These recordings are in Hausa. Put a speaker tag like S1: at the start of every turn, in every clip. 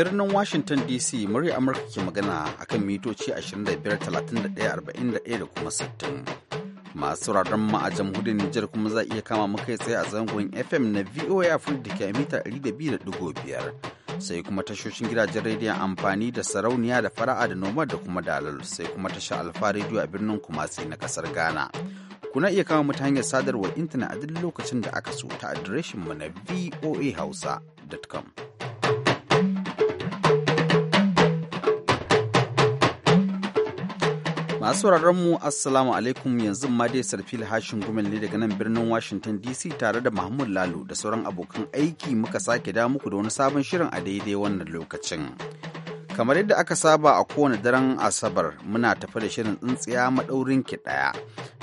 S1: birnin Washington DC murya Amurka ke magana a kan mitoci 25, da kuma 60. Masu sauraron ma a jamhuriyar Nijar kuma za iya kama muka tsaye a zangon FM na VOA Africa da ke mita sai kuma tashoshin gidajen rediyon amfani da sarauniya da fara'a da noma da kuma dalal sai kuma tashar alfa rediyo a birnin Kumasi na kasar Ghana. Kuna iya kama mu ta hanyar sadarwar intanet a duk lokacin da aka so ta adireshin mu na voahausa.com. Masu mu Assalamu alaikum yanzu ma dai sarfil hashin gumel ne daga nan birnin Washington DC tare da Mahmud Lalo da sauran abokan aiki muka sake da muku da wani sabon shirin a daidai wannan lokacin. Kamar yadda aka saba a kowane daren Asabar muna tafi da shirin tsintsiya maɗaurin ki ɗaya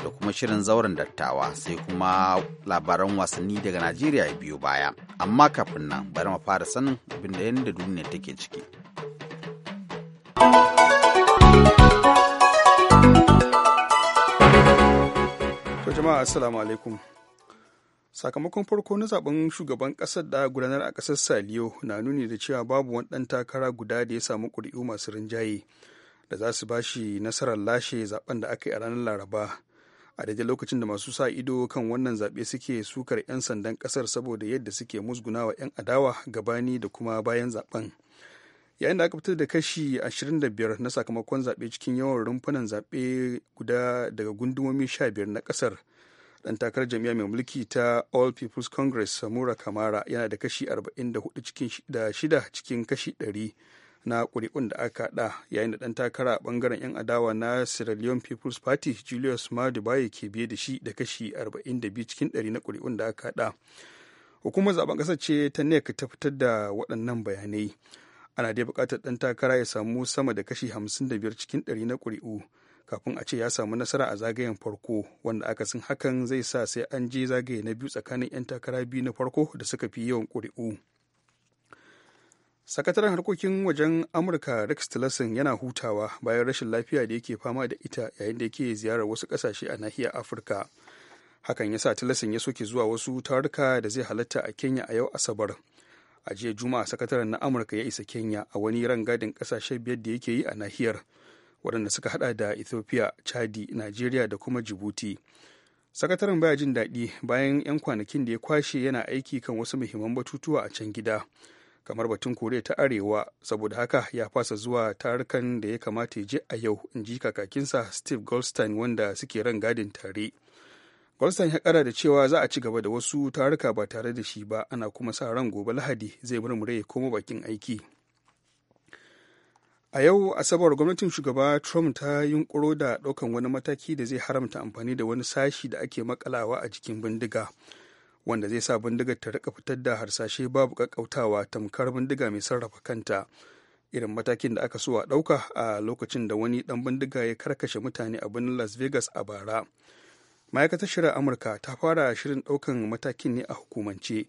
S1: da kuma shirin zauren dattawa sai kuma labaran wasanni daga Najeriya biyu baya. Amma kafin nan bari mu fara sanin abin da yadda duniya take ciki.
S2: To jama'a assalamu alaikum. Sakamakon farko na zaben shugaban ƙasar da gudanar a ƙasar Saliyo na nuni da cewa babu wani ɗan takara guda da ya samu ƙuri'u masu rinjaye da za su ba shi nasarar lashe zaben da aka yi a ranar Laraba. A daidai lokacin da masu sa ido kan wannan zaɓe suke sukar 'yan sandan ƙasar saboda yadda suke musgunawa 'yan adawa gabani da kuma bayan zaben. yayin da aka fitar da kashi 25 na sakamakon zaɓe cikin yawan rumfunan zaɓe guda daga gundumomi 15 na ƙasar ɗan takarar jami'a mai mulki ta all people's congress samura kamara yana da kashi 44 cikin shida cikin kashi 100 na ƙuri'un da aka haɗa yayin da ɗan takara a 'yan adawa na sierra leone people's party julius madubaye ke biye da shi da kashi 42 cikin 100 na ƙuri'un da aka haɗa hukumar zaben ƙasar ce ta nec ta fitar da waɗannan bayanai ana dai buƙatar ɗan takara ya samu sama da kashi 55 cikin 100 na ƙuri'u kafin a ce ya samu nasara a zagayen farko wanda aka akasin hakan zai sa sai an je zagaye na biyu tsakanin 'yan takara biyu na farko da suka fi yawan ƙuri'u sakataren harkokin wajen amurka rex tillerson yana hutawa bayan rashin lafiya da yake fama da ita yayin da yake ziyarar wasu ƙasashe a nahiyar afirka hakan ya sa tillerson ya soke zuwa wasu taruka da zai halatta a kenya a yau asabar a jiya juma'a sakataren na amurka ya isa kenya a wani rangadin kasashe biyar da yake yi a nahiyar waɗanda suka hada da ethiopia chadi nigeria da kuma jibuti sakataren baya jin daɗi bayan 'yan kwanakin da ya kwashe yana aiki kan wasu muhimman batutuwa a can gida kamar batun koriya ta arewa saboda haka ya fasa zuwa tarukan da ya kamata ya je a yau in ji kakakinsa steve goldstein wanda suke ran gadin tare Golson ya kara da cewa za a ci gaba da wasu taruka ba tare da shi ba ana kuma sa ran gobe Lahadi zai murmure ya koma bakin aiki. A yau Asabar gwamnatin shugaba Trump ta yunkuro da ɗaukan wani mataki da zai haramta amfani da wani sashi da ake makalawa a jikin bindiga wanda zai sa bindigar ta rika fitar da harsashe babu kakkautawa tamkar bindiga mai sarrafa kanta. irin matakin da aka so a ɗauka a lokacin da wani ɗan bindiga ya karkashe mutane a birnin las vegas a bara ma'aikatar shirin amurka ta fara shirin ɗaukan matakin ne a hukumance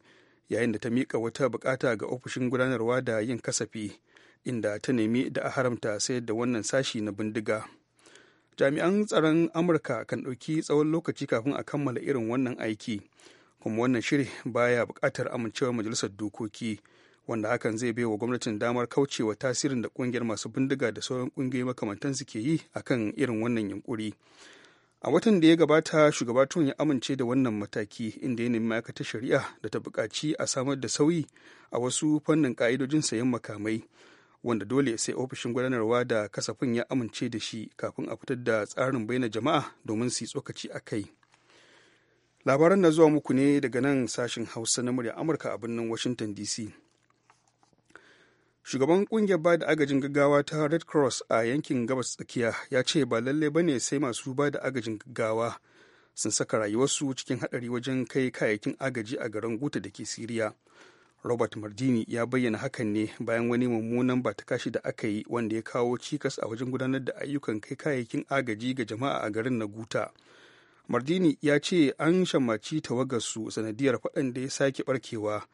S2: yayin da ta miƙa wata buƙata ga ofishin gudanarwa da yin kasafi inda ta nemi da a haramta sayar da wannan sashi na bindiga jami'an tsaron amurka kan ɗauki tsawon lokaci kafin a kammala irin wannan aiki kuma wannan shiri baya buƙatar amincewar majalisar dokoki wanda hakan zai baiwa gwamnatin damar kaucewa tasirin da ƙungiyar masu bindiga da sauran ƙungiyoyi makamantansu ke yi akan irin wannan yunkuri a watan da ya gabata shugaba tun ya amince da wannan mataki inda ya nemi ma'aikatar shari'a da ta bukaci a samar da sauyi a wasu fannin ka'idojin sayan makamai wanda dole sai ofishin gudanarwa da kasafin ya amince da shi kafin a fitar da tsarin bayyana jama'a domin su yi tsokaci a kai labaran na zuwa muku ne daga nan sashen hausa na murya amurka a birnin washington dc shugaban kungiyar ba da agajin gaggawa ta red cross a yankin gabas tsakiya ya ce ba lalle ne sai masu ba da agajin gaggawa sun saka rayuwarsu cikin hadari wajen kai kayayyakin agaji a garin guta da ke siriya robert mardini ya bayyana hakan ne bayan wani mummunan ba ta kashi da aka yi wanda ya kawo cikas a wajen gudanar da ayyukan kai kayayyakin agaji ga jama'a a garin na guta mardini ya ce an shammaci tawagarsu sanadiyar faɗan da ya sake barkewa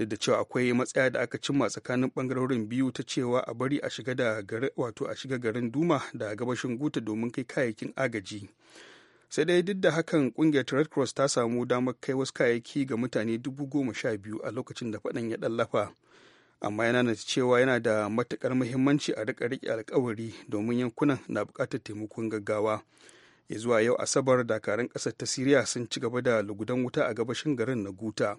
S2: duk da cewa akwai matsaya da aka cimma tsakanin bangarorin biyu ta cewa a bari a shiga da wato a shiga garin duma da gabashin guta domin kai kayayyakin agaji sai dai duk da hakan kungiyar red cross ta samu damar kai wasu kayayyaki ga mutane dubu goma sha biyu a lokacin da faɗan ya ɗallafa amma yana da cewa yana da matukar muhimmanci a riƙa rike alkawari domin yankunan na buƙatar taimakon gaggawa ya zuwa yau asabar dakarun ƙasar ta siriya sun ci gaba da lugudan wuta a gabashin garin na guta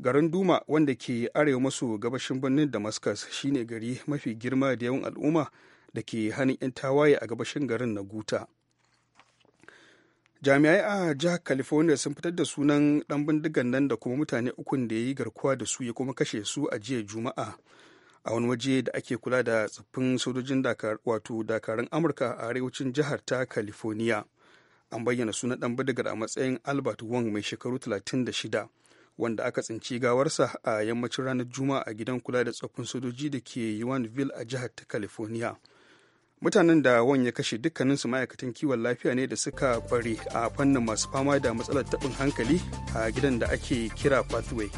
S2: garin duma wanda ke arewa maso gabashin birnin damascus shine gari mafi girma da yawan al'umma da ke hannun 'yan tawaye a gabashin garin na guta jami'ai a jihar california sun fitar da sunan dan bindigan nan da kuma mutane ukun da ya yi garkuwa da su ya kuma kashe su a jiya juma'a a wani waje da ake kula da tsaffin sojojin wato dakarun amurka a arewacin jihar ta california an bayyana sunan dan bindigar a matsayin albert wong mai shekaru 36 wanda aka tsinci gawarsa a yammacin ranar juma'a a gidan kula da tsoffin sojoji da ke yuanville a jihar ta california mutanen da wani ya kashe dukkaninsu ma'aikatan kiwon lafiya ne da suka kware a fannin masu fama da matsalar taɓin hankali a gidan da ake kira pathway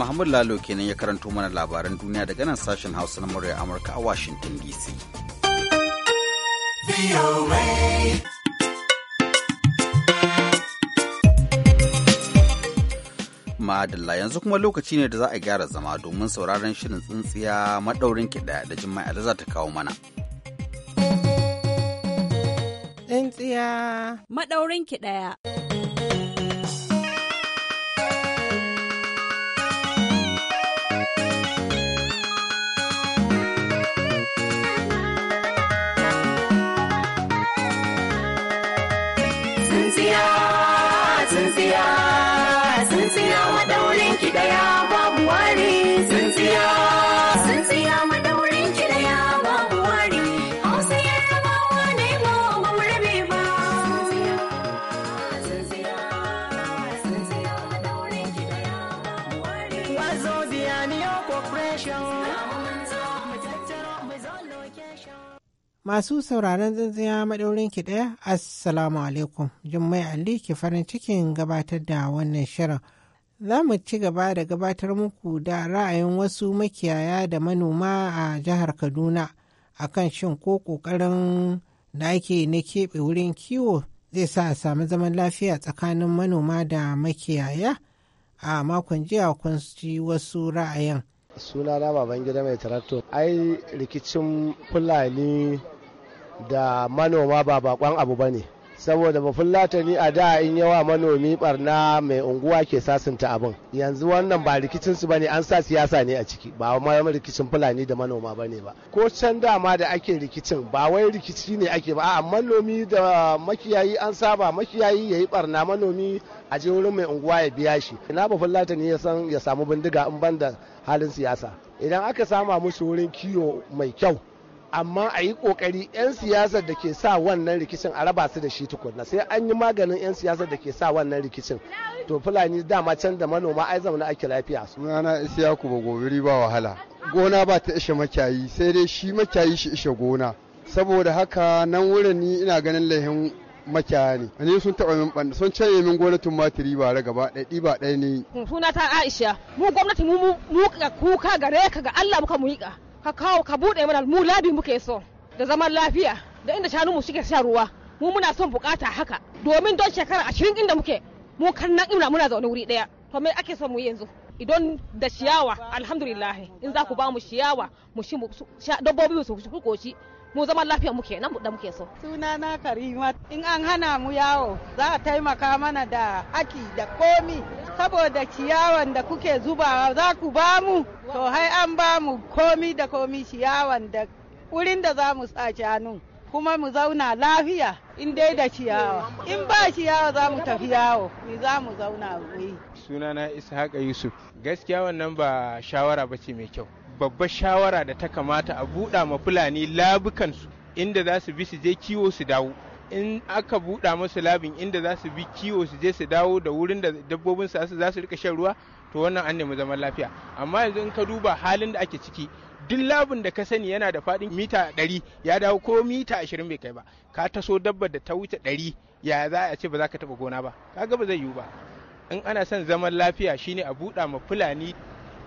S1: Muhammadu Lalo kenan ya karanto mana labaran duniya daga nan sashen Hausa na murya Amurka a Washington DC. Madalla yanzu kuma lokaci ne da za a gyara zama domin sauraron shirin tsintsiya maɗaurin kiɗa da jima'a da za ta kawo mana. Tsintsiya maɗaurin kiɗaya. Masu sauraron zanzaya maɗaurin ki ɗaya, Assalamu alaikum, Jummai Ali ke farin cikin gabatar da wannan shirin. Za mu ci gaba da gabatar muku da ra'ayin wasu makiyaya da manoma a jihar Kaduna a kan shin ko ƙoƙarin da ake na keɓe wurin kiwo zai sa a sami zaman lafiya tsakanin manoma da makiyaya a makon jiya kun ci wasu ra'ayin.
S3: Sunana Babangida mai tarakto, ai rikicin Fulani da manoma ba bakon abu ba ne saboda bafulatani a da in yawa manomi barna mai unguwa ke sasunta abin yanzu wannan ba rikicin su bane an sa siyasa ne a ciki ba ma rikicin fulani da manoma bane ba ko can dama da ake rikicin ba wai rikici ne ake ba a manomi da makiyayi an saba makiyayi yayi barna manomi a je wurin mai unguwa ya biya shi ina bafulatani ya san ya samu bindiga in ban da halin siyasa idan aka sama musu wurin kiwo mai kyau amma a yi kokari 'yan siyasar da ke sa wannan rikicin a raba su da shi tukunna sai an yi maganin 'yan siyasar da ke sa wannan rikicin to fulani dama can da manoma ai na ake lafiya su na isiyaku ba gobiri ba wahala gona ba ta ishe makiyayi sai dai shi makiyayi
S4: shi ishe gona saboda haka nan wurin ni ina ganin lahin makiyaya ne ne sun taɓa min ɓanda sun canye min gonar matiri ba ra gaba ɗaya ba ɗaya ne
S5: sunata aisha
S1: mu gwamnati mu mu kuka gare ka ga allah muka muyiƙa ka kawo ka buɗe mana mu labi muke so da zaman lafiya da inda shanu mu suke sha ruwa mu muna son bukata haka domin don shekara ashirin inda muke mu kan nan ina muna zaune wuri daya to me ake son mu yanzu idan da ciyawa alhamdulillah in za ku ba mu ciyawa mu shi dabbobi mu su mu zaman lafiya muke nan da muke so sunana karima in an hana mu yawo
S6: za a taimaka mana da aki da komi saboda ciyawan da kuke zubawa za ku ba mu to hai an ba mu komi da komi ciyawan da wurin da za mu sace hannun kuma mu zauna lafiya in dai da ciyawa
S4: in ba ciyawa za mu tafi yawo ni za mu zauna wuri sunana ishaqa yusuf gaskiya wannan ba shawara ba ce mai kyau babbar shawara da ta kamata a buɗa ma fulani labukansu inda za su bi su je kiwo su dawo in aka buɗa musu labin inda za su bi kiwo su je su dawo da wurin da dabbobin su za su rika shan ruwa to wannan an nemi zaman lafiya amma yanzu in ka duba halin da ake ciki duk labin da ka sani yana da faɗin mita ɗari ya dawo ko mita ashirin bai kai ba ka taso dabbar da ta wuce ɗari ya za a ce ba za ka taɓa gona ba kaga ba zai yiwu ba in ana son zaman lafiya shine a buɗa ma fulani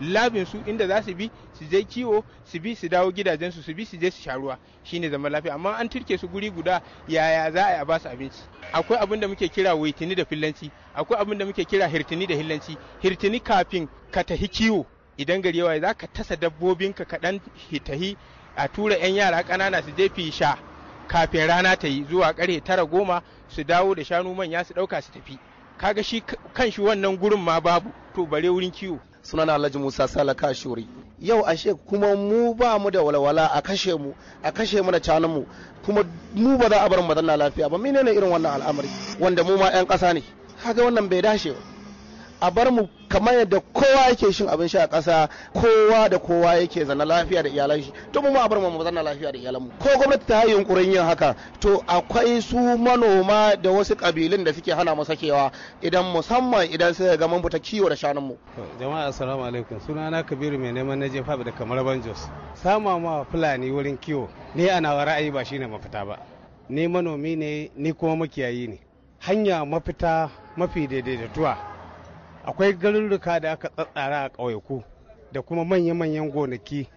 S4: labin su inda za su bi su je kiwo su bi su dawo gidajensu su bi su je su sha ruwa shine zaman lafiya amma an turke su guri guda yaya za a yi ba su abinci akwai abin da muke kira waitini da fillanci akwai abin da muke kira hirtini da hillanci hirtini kafin ka tahi kiwo idan gari yawa za ka tasa dabbobin ka dan tahi a tura 'yan yara ƙanana su je fisha kafin rana ta yi zuwa ƙarfe tara goma su dawo da shanu manya su ɗauka su tafi kaga shi kan wannan gurin ma babu to bare wurin kiwo sunana alhaji musa salaka shuri yau ashe kuma mu ba mu da walwala a kashe mu a kashe mu da canan mu kuma mu ba za a bar mu lafiya ba menene irin wannan al'amari wanda mu ma 'yan ƙasa ne kaga wannan bai dace ba a bar mu kamar yadda kowa yake shin abin sha a ƙasa kowa da kowa yake zana lafiya da iyalan shi to mu a bar mu zana lafiya da iyalan mu ko gwamnati ta yi yunkurin yin haka to akwai su manoma da wasu kabilun da suke hana mu sakewa idan musamman idan sai ga mun buta kiwo da shanun mu
S3: jama'a assalamu alaikum sunana kabiru mai neman na jefa da kamar banjos sama ma fulani wurin kiwo ne ana ra'ayi ba shine mafita ba ni manomi ne ni kuma makiyayi ne hanya mafita mafi daidaituwa akwai garuruka da aka tsatsara a ƙauyaku da kuma manya-manyan gonaki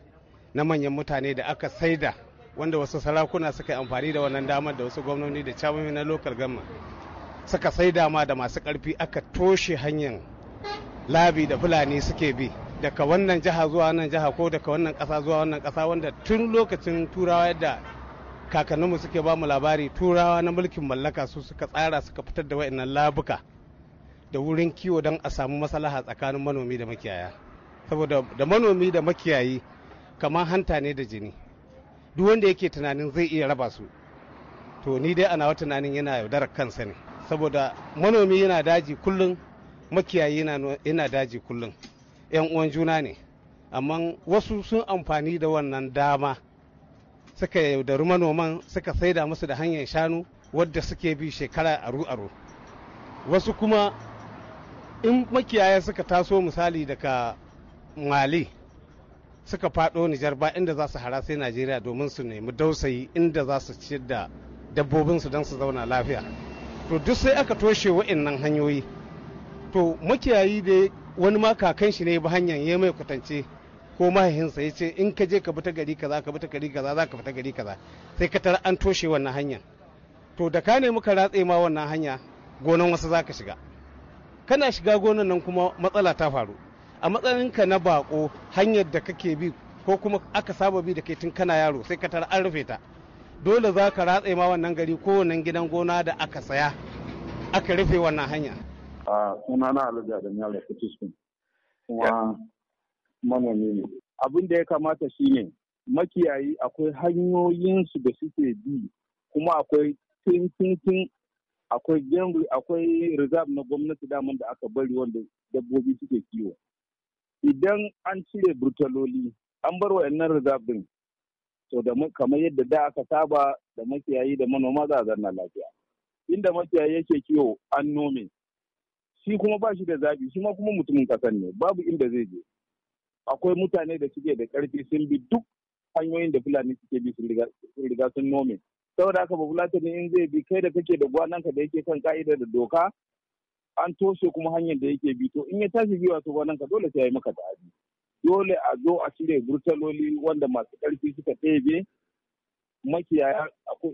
S3: na manyan mutane da aka saida wanda wasu sarakuna suka yi amfani da wannan damar da wasu gwamnoni da camomi na lokal gama suka saida ma da masu ƙarfi aka toshe hanyar labi da fulani suke bi daga wannan jiha zuwa wannan jiha ko daga wannan ƙasa zuwa wannan ƙasa wanda tun lokacin turawa yadda kakanninmu suke ba mu labari turawa na mulkin mallaka su suka tsara suka fitar da wa'annan labuka da wurin kiwo don a samu maslaha tsakanin manomi da makiyaya saboda da manomi da makiyayi kamar hanta ne da jini duk wanda yake tunanin zai iya raba su to ni dai ana tunanin yana yaudarar kansa ne saboda manomi yana daji kullum makiyayi yana daji kullum yan uwan juna ne amma wasu sun amfani da wannan dama suka yaudari manoman suka saida musu da hanyar shanu wadda suke bi shekara aru-aru wasu kuma in makiyaya suka taso misali daga mali suka faɗo nijar ba inda za su hara sai najeriya domin su nemi dausayi inda za su ciyar da dabbobinsu don su zauna lafiya to duk sai aka toshe wa'annan hanyoyi to makiyayi da wani ma kakan shi ne ba hanyar ya mai kwatance ko mahihinsa ya ce in ka je ka bi ta gari kaza ka bi gari kaza za ka fita gari kaza sai ka tara an toshe wannan hanyar to da ka nemi ka ratse ma wannan hanya gonan wasu za ka shiga kana shiga gonan nan kuma matsala ta faru a matsayinka na bako hanyar da kake bi ko kuma aka saba bi da kai tun kana yaro sai ka tara an rufe ta dole za ka ratse ma wannan gari ko wannan gidan gona da aka saya
S5: aka rufe wannan hanya a suna na alaja da nyala kutuskun kuma manomi ne abin da ya kamata shine makiyayi akwai hanyoyin su da suke bi kuma akwai tun akwai gengu akwai reserve na gwamnati daman da aka bari wanda dabbobi suke kiwo idan an cire burtaloli an bar wa'annan reserve din to da kamar yadda da aka saba da makiyayi da manoma za a zanna lafiya inda makiyayi yake kiwo an nome shi kuma ba shi da zabi shi ma kuma mutumin kasan ne babu inda zai je akwai mutane da suke da karfi sun bi duk hanyoyin da fulani suke bi sun riga sun nome saboda haka babu ne in zai bi kai da kake da gwanan ka da yake kan ka'ida da doka an toshe kuma hanyar da yake bi to in ya tashi biyu wasu gwananka dole sai ya yi maka ta'adi dole a zo a cire burtaloli wanda masu ƙarfi suka ɗebe makiyaya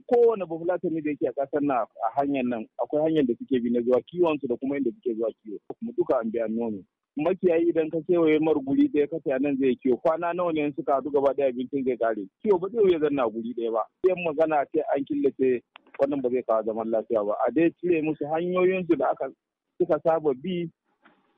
S5: kowane babu ne da yake a ƙasar na a hanyar nan akwai hanyar da suke bi na zuwa kiwon su da kuma inda suke zuwa kiwo kuma duka an biya nono makiyayi idan ka kewaye mar guri ɗaya ka a nan zai kiwo kwana nawa ne suka haɗu gaba ɗaya abincin zai kare kiwo ba zai zan na guri ɗaya ba sai magana ce an killace wannan ba zai kawo zaman lafiya ba a dai cire musu hanyoyin su da aka suka saba bi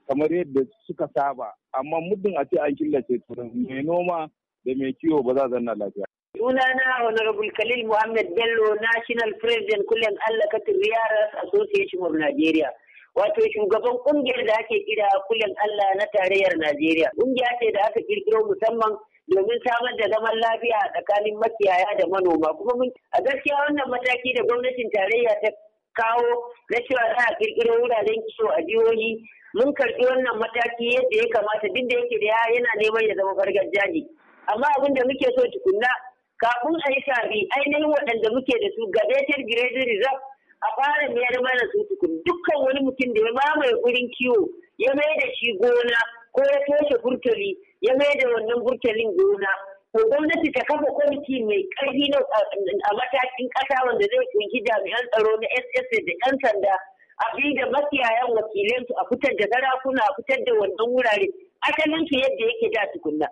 S5: kamar yadda suka saba amma muddin a ce an killace turin mai noma da mai kiwo ba za zanna lafiya.
S7: na honorable khalil muhammad bello national president Kulen allah katin Riyaras association of nigeria wato shugaban kungiyar da ake kira kulen Allah na tarayyar Najeriya. Kungiya ce da aka kirkiro musamman domin samar da zaman lafiya a tsakanin makiyaya da manoma kuma mun a gaskiya wannan mataki da gwamnatin tarayya ta kawo na cewa za a kirkiro wuraren kiwo a jihohi mun karɓi wannan mataki yadda ya kamata duk da yake da yana neman ya zama gargajiya ne amma abin da muke so tukunna kafin a yi shafi ainihin waɗanda muke da su gabatar graded reserve a fara mayar mana su tukun dukkan wani mutum da ya mamaye gurin kiwo ya mai da shi gona ko ya toshe burtali ya mai da wannan burtalin gona Ko gwamnati ta kafa kwamiti mai ƙarfi na a matakin ƙasa wanda zai kunshi jami'an tsaro na ss da 'yan sanda a bi da makiyayan su a fitar da sarakuna a fitar da wannan wurare asalin su yadda yake da tukunna.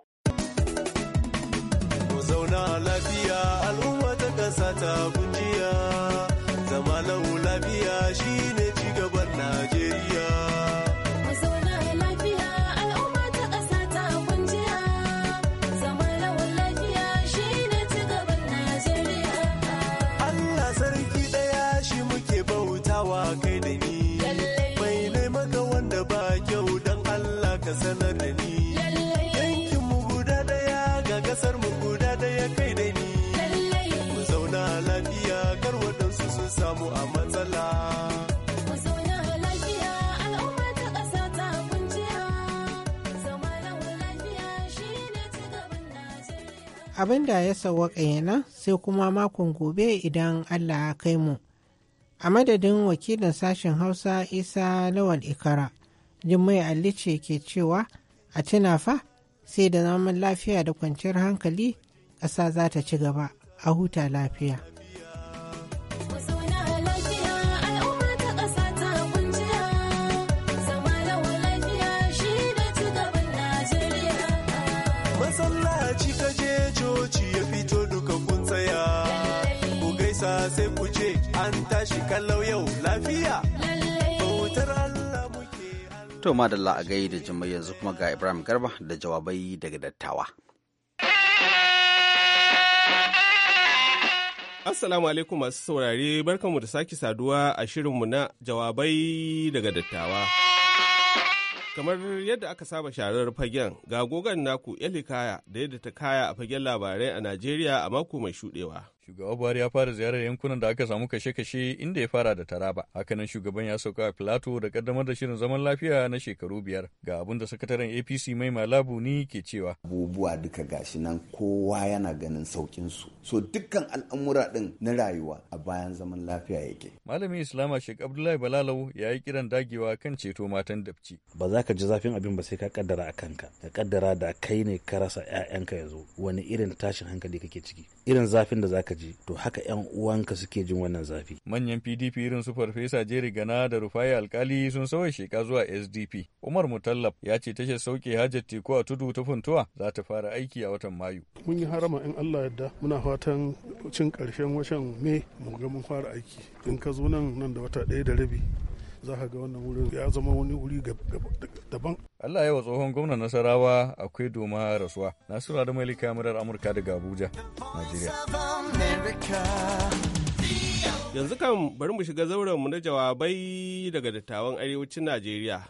S8: zauna lafiya al'umma ta kasa ta
S1: abin da ya sauwa yana sai kuma makon gobe idan Allah ya kai mu. A madadin wakilin sashen Hausa Isa Lawal Ikara, Jummai alli ce ke cewa a tuna fa sai da zaman lafiya da kwanciyar hankali ƙasa za ta ci gaba a huta lafiya.
S8: sai ku ce an tashi kallau yau lafiya. Bautar Allah
S1: muke To madalla a gai da jimai yanzu kuma ga Ibrahim Garba da jawabai daga dattawa.
S8: Assalamu alaikum masu saurare barkanmu da sake saduwa a shirin mu na jawabai daga dattawa. Kamar yadda aka saba sharar fagen ga gogon naku Elikaya da yadda ta kaya a fagen labarai a Najeriya a mako mai shudewa. shugaban Buhari ya fara ziyarar yankunan da aka samu kashe-kashe inda ya fara da Taraba. Hakanan shugaban
S2: ya sauka a Filato da kaddamar da shirin zaman lafiya na shekaru biyar. Ga abin da sakataren APC mai
S1: malabu ni ke cewa. Abubuwa duka gashi nan kowa yana ganin saukin su. So dukkan al'amura din na rayuwa a bayan zaman lafiya yake.
S2: Malamin Islama shek Abdullahi Balalau ya yi kiran dagewa kan ceto matan dabci.
S1: Ba za ka ji zafin abin ba sai ka kaddara a kanka. Ka kaddara da kai ne ka rasa 'ya'yanka yanzu wani irin tashin hankali kake ciki. Irin zafin da za ka ka ji to haka yan uwanka suke jin wannan zafi
S2: manyan PDP irin su farfesa Jerry Gana da Rufai Alkali sun sauya sheka zuwa SDP Umar Mutallab ya ce tashar sauke hajjar Teku a tudu ta Funtuwa za ta fara aiki a watan Mayu mun yi harama in Allah yadda muna fatan cin karshen watan mai mu ga mun fara aiki in ka zo nan nan da wata ɗaya da rabi za ka ga wannan wurin ya zama wani wuri daban. Allah yawa tsohon gwamnan
S8: Nasarawa akwai doma rasuwa. Nasiru da Malika murar Amurka daga Abuja, Najeriya. Yanzu kan bari mu shiga zauren mu na jawabai daga dattawan arewacin Najeriya.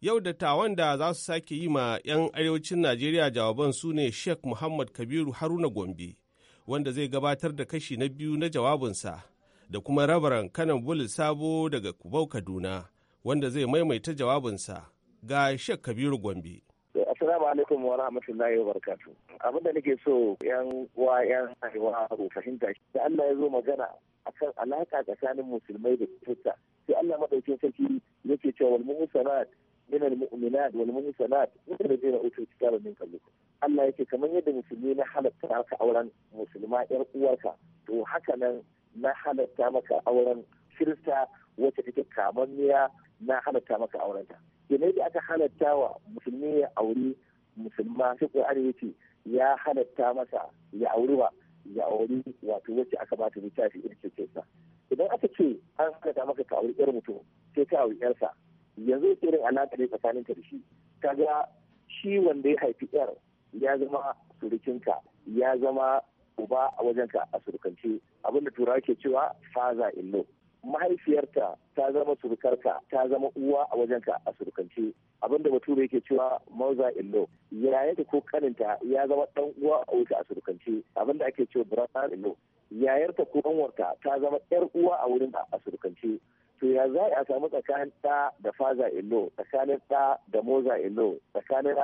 S8: Yau dattawan da za su sake yi ma 'yan arewacin Najeriya jawaban su ne Sheikh Muhammad Kabiru Haruna Gombe, wanda zai gabatar da kashi na biyu na jawabinsa. da kuma rabaran kanan bul sabo daga kubau kaduna wanda zai maimaita jawabinsa ga shek kabiru gombe
S9: Assalamu alaikum wa rahmatullahi wa barakatu. Abin da nake so yan uwa yan haihuwa ku fahimta shi. Da Allah ya zo magana akan alaka tsakanin musulmai da kirista. Sai Allah madaukin sarki yake cewa wal muhsanat min al mu'minat wal na min alladhina utul kitaba min qablikum. Allah yake kamar yadda musulmi na halatta ka auren musulma yar uwarka to haka nan na halatta maka auren kirista wacce take kamanniya na halatta maka aurenta kenan da aka halatta wa musulmi ya auri musulma shi ƙur'ani ya halatta masa ya auri ba ya auri wato wacce aka bata littafi irin kirista idan aka ce an halatta maka ka auri yar mutum sai ka auri yarsa yanzu irin alaƙa ne ta da shi kaga shi wanda ya haifi yar ya zama surukinka ya zama uba a wajenka a surukance abinda turawa ke cewa faza in law mahaifiyarta ta zama surukarka ta zama uwa a wajenka a surukance abinda bature yake cewa mauza yaya yayanka ko kaninta ya zama dan uwa a wuta a surukance abinda ake cewa brother lo yayarta ko kanwarta ta zama yar uwa a wurin a surukance to ya za a samu tsakanin da faza illo tsakanin da moza illo tsakanin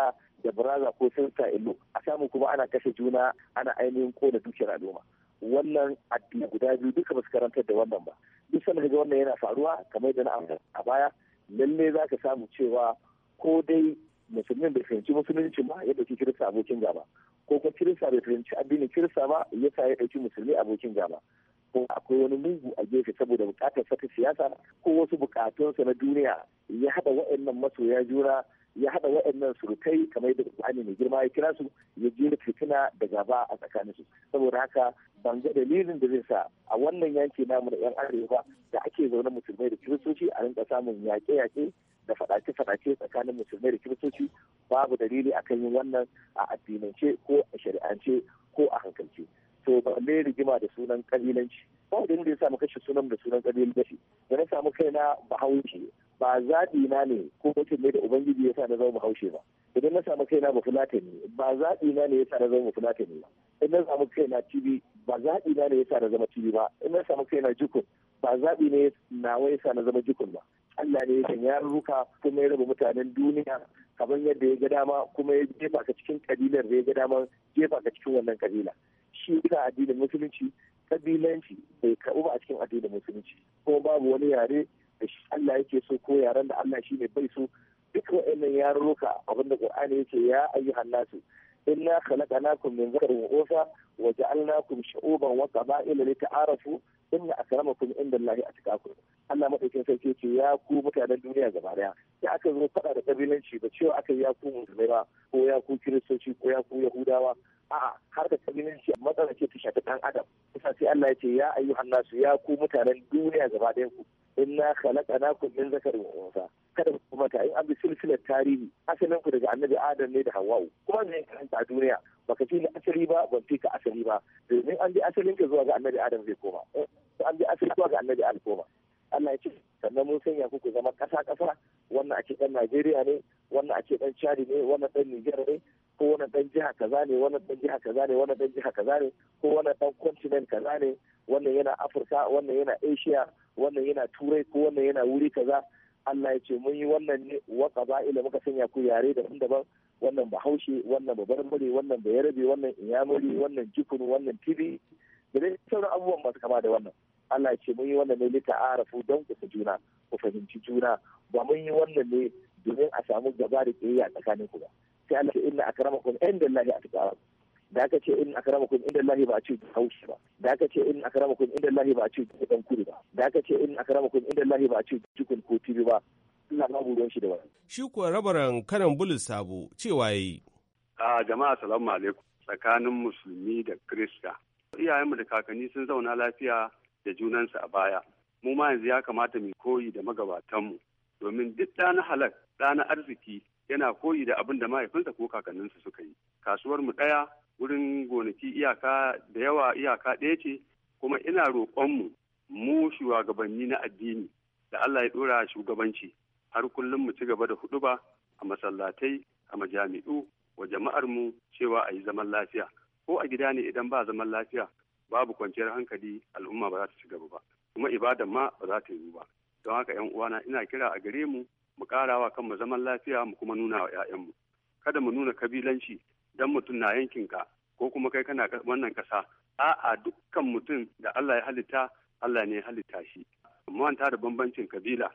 S9: da buraza ko sinsa ilo a samu kuma ana kashe juna ana ainihin kona dukiyar al'umma wannan addini guda biyu duka basu karantar da wannan ba duk sanda ga wannan yana faruwa kamar yadda na a baya lalle za ka samu cewa ko dai musulmin bai fahimci musulunci ba ya dauki kirista abokin gaba ko kuma kirista bai fahimci addinin kirista ba ya sa ya dauki musulmi abokin gaba ko akwai wani mugu a gefe saboda bukatar saka siyasa ko wasu bukatunsa na duniya ya haɗa waɗannan masoya juna ya haɗa waɗannan surukai kamar yadda Qur'ani mai girma ya kira su ya jira fitina da gaba a tsakanin su saboda haka ban ga dalilin da zai sa a wannan yanki namu na yan arewa da ake zaune musulmai da kiristoci a rinka samun yaƙe-yaƙe da faɗace-faɗace tsakanin musulmai da kiristoci babu dalili akan yin wannan a addinance ko a shari'ance ko a hankalce to ba me rigima da sunan kabilanci ba da ya sa kashe sunan da sunan kabilanci da na samu kaina bahaushe ba zaɓi na ne ko mutum ne da ubangiji ya sa na zama haushe ba idan na samu kaina ba fulata ne ba zaɓi na ne ya sa na zama fulata ne ba in na samu kaina tibi ba zaɓi na ne ya sa na zama tibi ba in na samu kaina jukun ba zaɓi ne nawa ya sa na zama jukun ba Allah ne yakan ya ruka kuma ya raba mutanen duniya kamar yadda ya ga dama kuma ya jefa ka cikin kabilar da ya ga dama jefa ka cikin wannan kabila shi yasa addinin musulunci kabilanci bai karɓu ba a cikin addinin musulunci kuma babu wani yare da shi Allah yake so ko yaren da Allah shi ne bai so duk wa'annan yarurruka abinda Qur'ani yake ya ayyuhan nasu inna khalaqnakum min dhakarin wa unsa wa ja'alnakum shu'uban wa qaba'ila lita'arafu inna akramakum indallahi cikaku Allah madaukin sarki ce ya ku mutanen duniya gaba daya ya aka zo faɗa da kabilanci ba cewa aka ya ku musulmai ba ko ya ku kiristoci ko ya ku yahudawa a'a har da kabilanci matsala ce ta shafi dan adam kusa sai Allah ya ce ya ayyuhan hannasu ya ku mutanen duniya gaba daya ku inna khalaqnakum min zakarin wa unsa kada ku mata in an bi silsilar tarihi asalin ku daga annabi adam ne da hawa'u kuma ne karanta a duniya baka fi asali ba ban fi ka asali ba domin an bi asalin ka zuwa ga annabi adam zai koma eh, an bi asali zuwa ga annabi adam koma Allah ya ce sannan mun sanya ku ku zama kasa kasa wannan ake dan Najeriya ne wannan ake dan Chad ne wannan dan Niger ne ko wannan dan jiha kaza ne wannan dan jiha kaza ne wannan dan jiha kaza ne ko wannan dan continent kaza ne wannan yana Afirka wannan yana Asia wannan yana Turai ko wannan yana wuri kaza Allah ya ce mun yi wannan ne wa ba'ila muka sanya ku yare daban-daban wannan bahaushe wannan barmure wannan yarabe wannan inyamuri wannan jikunu wannan tibi da dai sauran abubuwan masu kama da wannan Allah ya ce mun yi wannan ne lita arafu don ku juna ku fahimci juna ba mun yi wannan ne domin a samu gaba da ƙiyayya tsakanin ku ba sai Allah ya inna akramakum indallahi atqakum da aka ce in akramakum inda Allahi ba a ce haushi ba da aka ce in akramakum inda Allahi ba a ce dan kuri ba da aka ce in akramakum inda Allahi ba a ce jikun ko tibi ba ina ba ruwan shi da wani
S8: shi ko rabaran karan bulus sabo cewa yi.
S10: a jama'a salamu alaikum tsakanin musulmi da krista iyayenmu da kakanni sun zauna lafiya da junansu a baya mu ma yanzu ya kamata mu koyi da magabatanmu domin duk ɗana halak ɗana arziki yana koyi da abin da mahaifinsa ko kakanninsa suka yi kasuwar mu ɗaya wurin gonaki iyaka da yawa iyaka ɗaya ce kuma ina roƙonmu mu shugabanni na addini da Allah ya ɗora shugabanci har kullum mu ci gaba da huɗuba a masallatai a majami'u wa jama'ar mu cewa a yi zaman lafiya ko a gida ne idan ba zaman lafiya babu kwanciyar hankali al'umma ba za ta ci gaba ba kuma ibadan ma ba za ta yi ba don haka yan uwana ina kira a gare mu mu karawa kanmu zaman lafiya mu kuma nuna wa 'ya'yanmu kada mu nuna kabilanci dan mutum na yankin ka ko kuma kai kana wannan ƙasa a'a dukkan mutum da Allah ya halitta Allah ne ya halitta shi an da bambancin kabila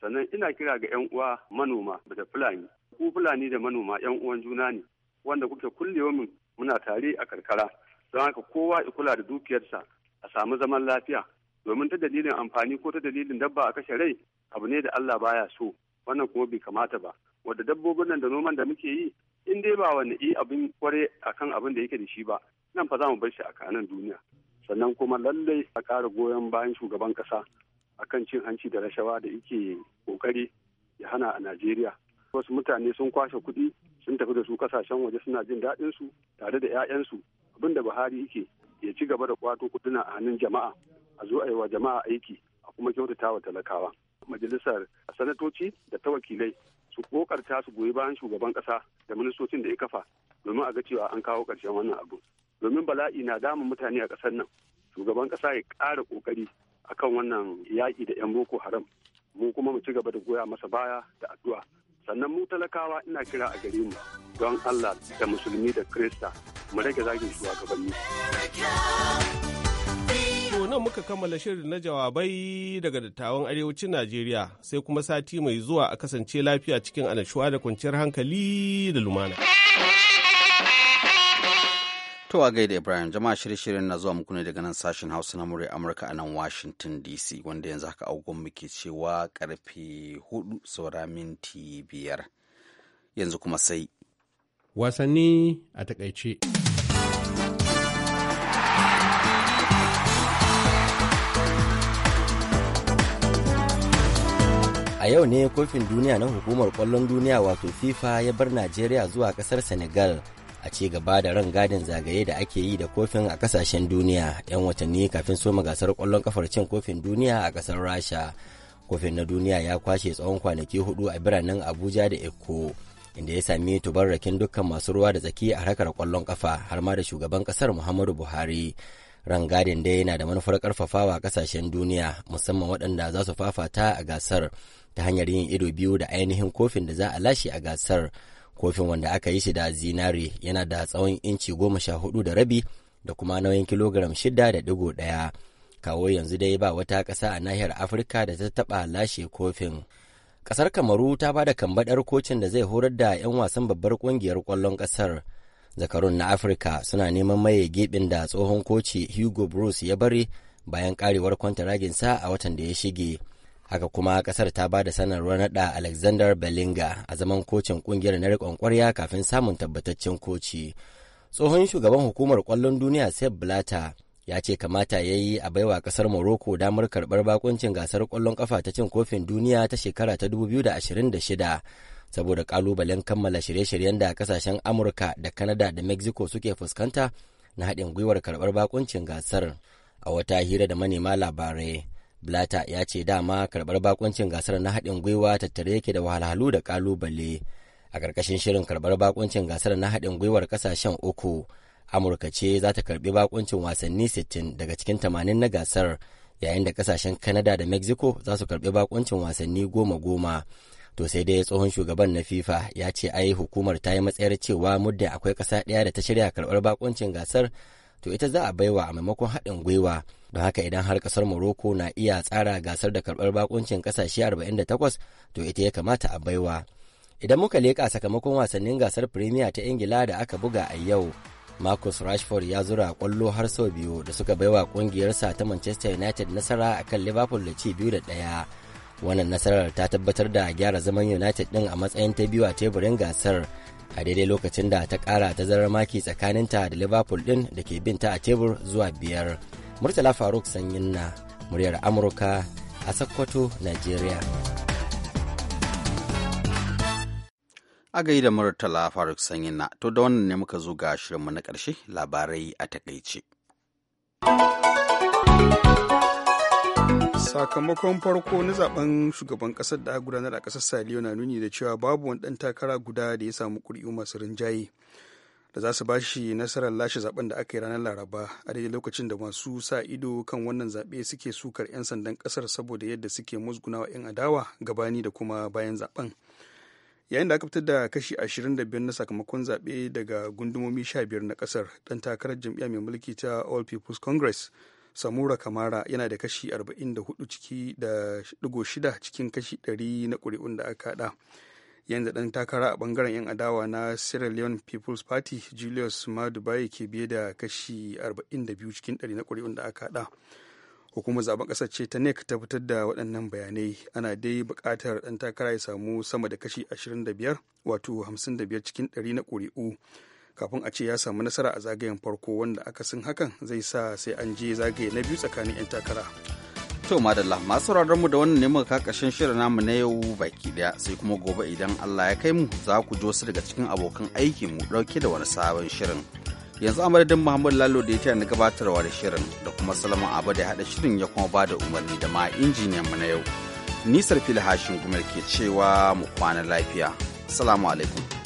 S10: sannan ina kira ga yan uwa manoma da fulani ku fulani da manoma yan uwan juna ne wanda kuke kullewa min muna tare a karkara don haka kowa ya kula da dukiyarsa a samu zaman lafiya domin ta dalilin amfani ko ta dalilin dabba a kashe rai abu ne da Allah baya so wannan kuma bai kamata ba wadda dabbobin nan da noman da muke yi in dai ba wani i eh, abin kware a kan abin da yake da shi ba nan fa za mu bar shi a kanan duniya sannan kuma lallai a kara goyon bayan shugaban ƙasa kan cin hanci da rashawa da yake kokari ya hana a Najeriya wasu mutane sun kwashe kuɗi sun tafi da su kasashen waje suna jin daɗin su tare da 'ya'yansu da Buhari yake ya ci gaba da kwato kuɗina a hannun jama'a a zo a yi wa jama'a aiki a kuma kyautata wa talakawa majalisar sanatoci da ta wakilai su kokarta su goyi bayan shugaban kasa da ministocin da ya kafa domin a ga cewa an kawo ƙarshen wannan abu domin bala'i na damun mutane a ƙasar nan shugaban kasa ya ƙara ƙoƙari akan wannan yaƙi da 'yan boko haram mu kuma mu ci gaba da goya masa baya da addu'a sannan mu talakawa ina kira a gare mu don allah da musulmi da krista mu rage zagin shugabanni.
S8: nan muka kammala shirin na jawabai daga dattawan arewacin Najeriya sai kuma sati mai zuwa a kasance lafiya cikin annashuwa da kwanciyar hankali da lumana.
S1: To a gaida Ibrahim jama'a shirye-shiryen na zuwa muku ne daga nan sashen Hausa na murya Amurka a nan Washington DC wanda yanzu haka agogon muke cewa karfe hudu saura minti biyar. Yanzu kuma sai.
S2: Wasanni a takaice.
S6: a yau ne kofin duniya na hukumar kwallon duniya wato fifa ya bar najeriya zuwa kasar senegal a ci gaba da ran gadin zagaye da ake yi da kofin a kasashen duniya 'yan watanni kafin soma gasar kwallon kafar cin kofin duniya a kasar rasha kofin na duniya ya kwashe tsawon kwanaki hudu a biranen abuja da eko inda ya sami tubarrakin dukkan masu ruwa da tsaki a harkar kwallon kafa har ma da shugaban kasar muhammadu buhari rangadin dai yana da manufar karfafawa kasashen duniya musamman waɗanda za su fafata a gasar ta hanyar yin ido biyu da ainihin kofin da za a lashe a gasar kofin wanda aka yi shi da zinari yana da tsawon inci goma sha hudu da rabi da kuma nauyin kilogram shida da digo ɗaya kawo yanzu dai ba wata ƙasa a nahiyar afirka da ta taba lashe kofin ƙasar kamaru ta ba da kambaɗar kocin da zai horar da 'yan wasan babbar ƙungiyar kwallon ƙasar zakarun na afirka suna neman maye geɓin da tsohon koci hugo bruce ya bari bayan ƙarewar kwantaraginsa a watan da ya shige haka kuma kasar ta ba da sanarwar nada alexander belinga a zaman kocin kungiyar na rikon kwarya kafin samun tabbataccen koci tsohon shugaban hukumar kwallon duniya sep blata ya ce kamata ya yi a baiwa kasar morocco damar karɓar bakuncin gasar kwallon ƙafa ta cin kofin duniya ta shekara ta 2026 saboda ƙalubalen kammala shirye-shiryen da kasashen amurka da Kanada da mexico suke fuskanta na haɗin gwiwar karɓar bakuncin gasar a wata hira da manema labarai Blata ya ce dama karbar bakuncin gasar na haɗin gwiwa tattare yake da wahalhalu da kalubale A ƙarƙashin shirin karbar bakuncin gasar na haɗin gwiwar ƙasashen uku, Amurka ce za ta karbi bakuncin wasanni 60 daga cikin tamanin na gasar, yayin da ƙasashen Canada da Mexico za su karbi bakuncin wasanni goma-goma. To sai dai tsohon shugaban na FIFA ya ce ai hukumar ta yi matsayar cewa muddin akwai ƙasa ɗaya da ta shirya karbar bakuncin gasar, to ita za a baiwa a maimakon haɗin gwiwa. don haka idan har kasar morocco na iya tsara gasar da karbar bakuncin kasashe 48 to ita ya kamata a baiwa idan muka leƙa sakamakon wasannin gasar premier ta ingila da aka buga a yau marcus rashford ya zura kwallo har sau biyu da suka baiwa kungiyarsa ta manchester united nasara akan liverpool da ci biyu da ɗaya wannan nasarar ta tabbatar da gyara zaman united din a matsayin ta biyu a teburin gasar a daidai lokacin da ta kara zarar maki tsakaninta da liverpool din da ke binta a tebur zuwa biyar Murtala Faruk Sanyin na muryar Amurka a Sokoto, Najeriya.
S1: A da Murtala Faruk Sanyin na, to da wannan ne muka zo ga shirinmu na ƙarshe labarai a takaice.
S2: sakamakon farko na zaben shugaban ƙasar da gudanar a ƙasar saliyo na nuni da cewa babu wani dan takara guda da ya samu ƙuri'u masu rinjaye da za su bashi nasarar lashe zaben da aka yi ranar laraba a daidai lokacin da masu sa ido kan wannan zaɓe suke sukar 'yan sandan ƙasar saboda yadda suke musgunawa 'yan adawa gabani da kuma bayan zaben yayin da aka fitar da kashi 25 na sakamakon zaɓe daga gundumomi 15 na kasar ɗan takarar jam'iyya mai mulki ta all people's congress samura kamara yana da kashi 44 ciki da 6 cikin kashi 100 na ƙuri'un da aka haɗa yanzu dan takara a bangaren 'yan adawa na sierra leone people's party julius madubai ke biye da kashi 42 cikin 100 na ƙuri'un da aka haɗa hukumar zaben ƙasar ce ta nec ta fitar da waɗannan bayanai ana dai buƙatar ɗan takara ya samu sama da kashi 25 wato 55 cikin 100 na kuri'u kafin a ce ya samu nasara a zagayen farko wanda aka akasin hakan zai sa sai an je zagaye na biyu tsakanin 'yan takara
S1: To madalla masu mu da wannan ne muka kakashin shirin namu na yau baki daya sai kuma gobe idan Allah ya kai mu za ku jo su daga cikin abokan aiki mu dauke da wani sabon shirin. Yanzu amadadin Muhammad Lalo da ya na gabatarwa da shirin da kuma Salman Abu da ya haɗa shirin ya kuma bada umarni da ma injiniyan mu na yau. Nisar Fili Hashin ke cewa mu kwana lafiya. Salamu alaikum.